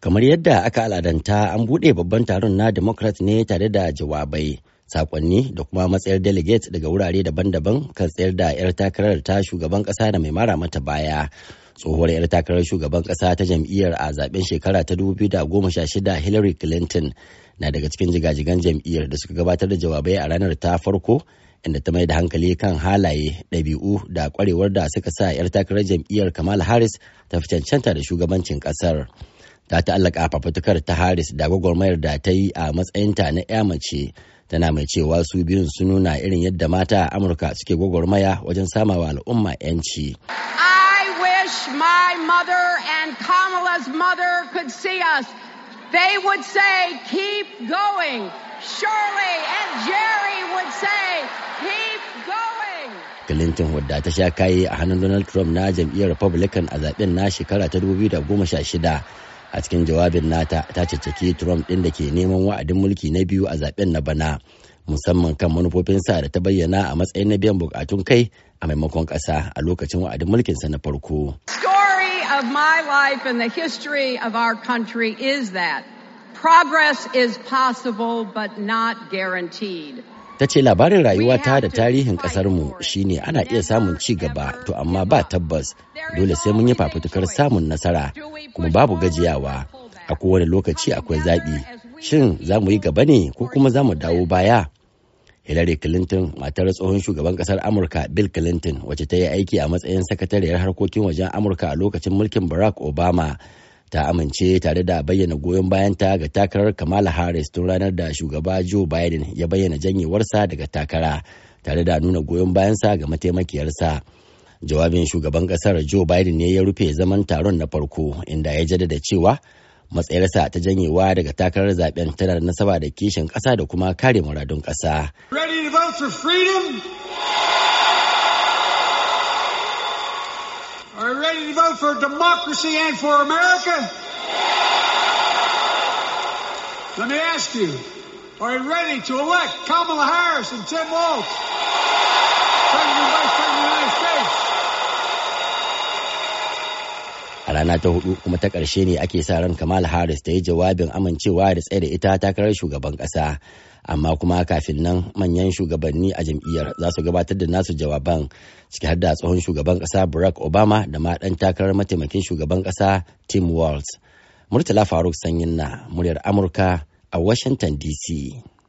kamar yadda aka al'adanta an buɗe babban taron na democrat ne tare da jawabai sakonni da kuma matsayar delegate daga wurare daban-daban kan tsayar da 'yar takarar ta shugaban ƙasa da mai mara mata baya tsohuwar 'yar takarar shugaban ƙasa ta jam'iyyar a zaben shekara ta 2016 hillary clinton na daga cikin jigajigan jam'iyyar da suka gabatar da jawabai a ranar ta farko inda ta mai da hankali kan halaye ɗabi'u da kwarewar da suka sa 'yar takarar jam'iyyar kamal harris ta fi cancanta da shugabancin ƙasar. ta ta'allaka a fafutukar ta Harris da gwagwarmayar da ta yi a matsayinta na 'ya mace tana mai cewa su biyun su nuna irin yadda mata a Amurka suke gwagwarmaya wajen samawa al'umma 'yanci. I wish my mother and Kamala's mother could see us. They would say, keep going. Shirley and Jerry would say, keep going. Clinton wadda ta sha kayi a hannun Donald Trump na jam'iyyar Republican a zaben na shekara ta 2016 a cikin jawabin nata ta caccaki trump ɗin da ke neman wa'adin mulki na biyu a zaben na bana musamman kan manufofin sa da ta bayyana a matsayin na biyan bukatun kai a maimakon ƙasa a lokacin wa'adin mulkin sa na farko. story of my life and the history of our country is that progress is possible but not guaranteed. ta ce labarin rayuwata da tarihin mu shine ana iya samun ci gaba to amma ba tabbas dole sai mun yi fafutukar samun nasara kuma babu gajiyawa a kowane lokaci akwai zaɓi shin za mu yi gaba ne ko kuma za mu dawo baya hillary clinton matar tsohon shugaban ƙasar amurka bill clinton wacce ta yi aiki a matsayin sakatariyar harkokin wajen amurka a lokacin mulkin barack obama ta amince tare da bayyana goyon bayanta ga takarar kamala harris tun ranar da shugaba joe biden ya bayyana janyewarsa daga takara tare da nuna goyon bayansa ga mataimakiyarsa. Jawabin shugaban kasar Joe Biden ne ya rufe zaman taron na farko inda ya jaddada cewa matsayarsa ta janyewa daga takarar zaben tana da nasaba da kishin ƙasa da kuma kare muradun ƙasa. Are you to vote for democracy Let me ask you, are you ready to elect Kamala Harris and Tim Walz? rana ta hudu kuma ta ƙarshe ne ake sa ran Kamal Harris ta yi jawabin amincewa da tsaye da ita takarar shugaban ƙasa. Amma kuma kafin nan manyan shugabanni a jam'iyyar za su gabatar da nasu jawaban ciki har da tsohon shugaban ƙasa Barack Obama da ma ɗan takarar mataimakin shugaban ƙasa Tim Walz. Murtala Faruk Sanyin na muryar Amurka a Washington DC.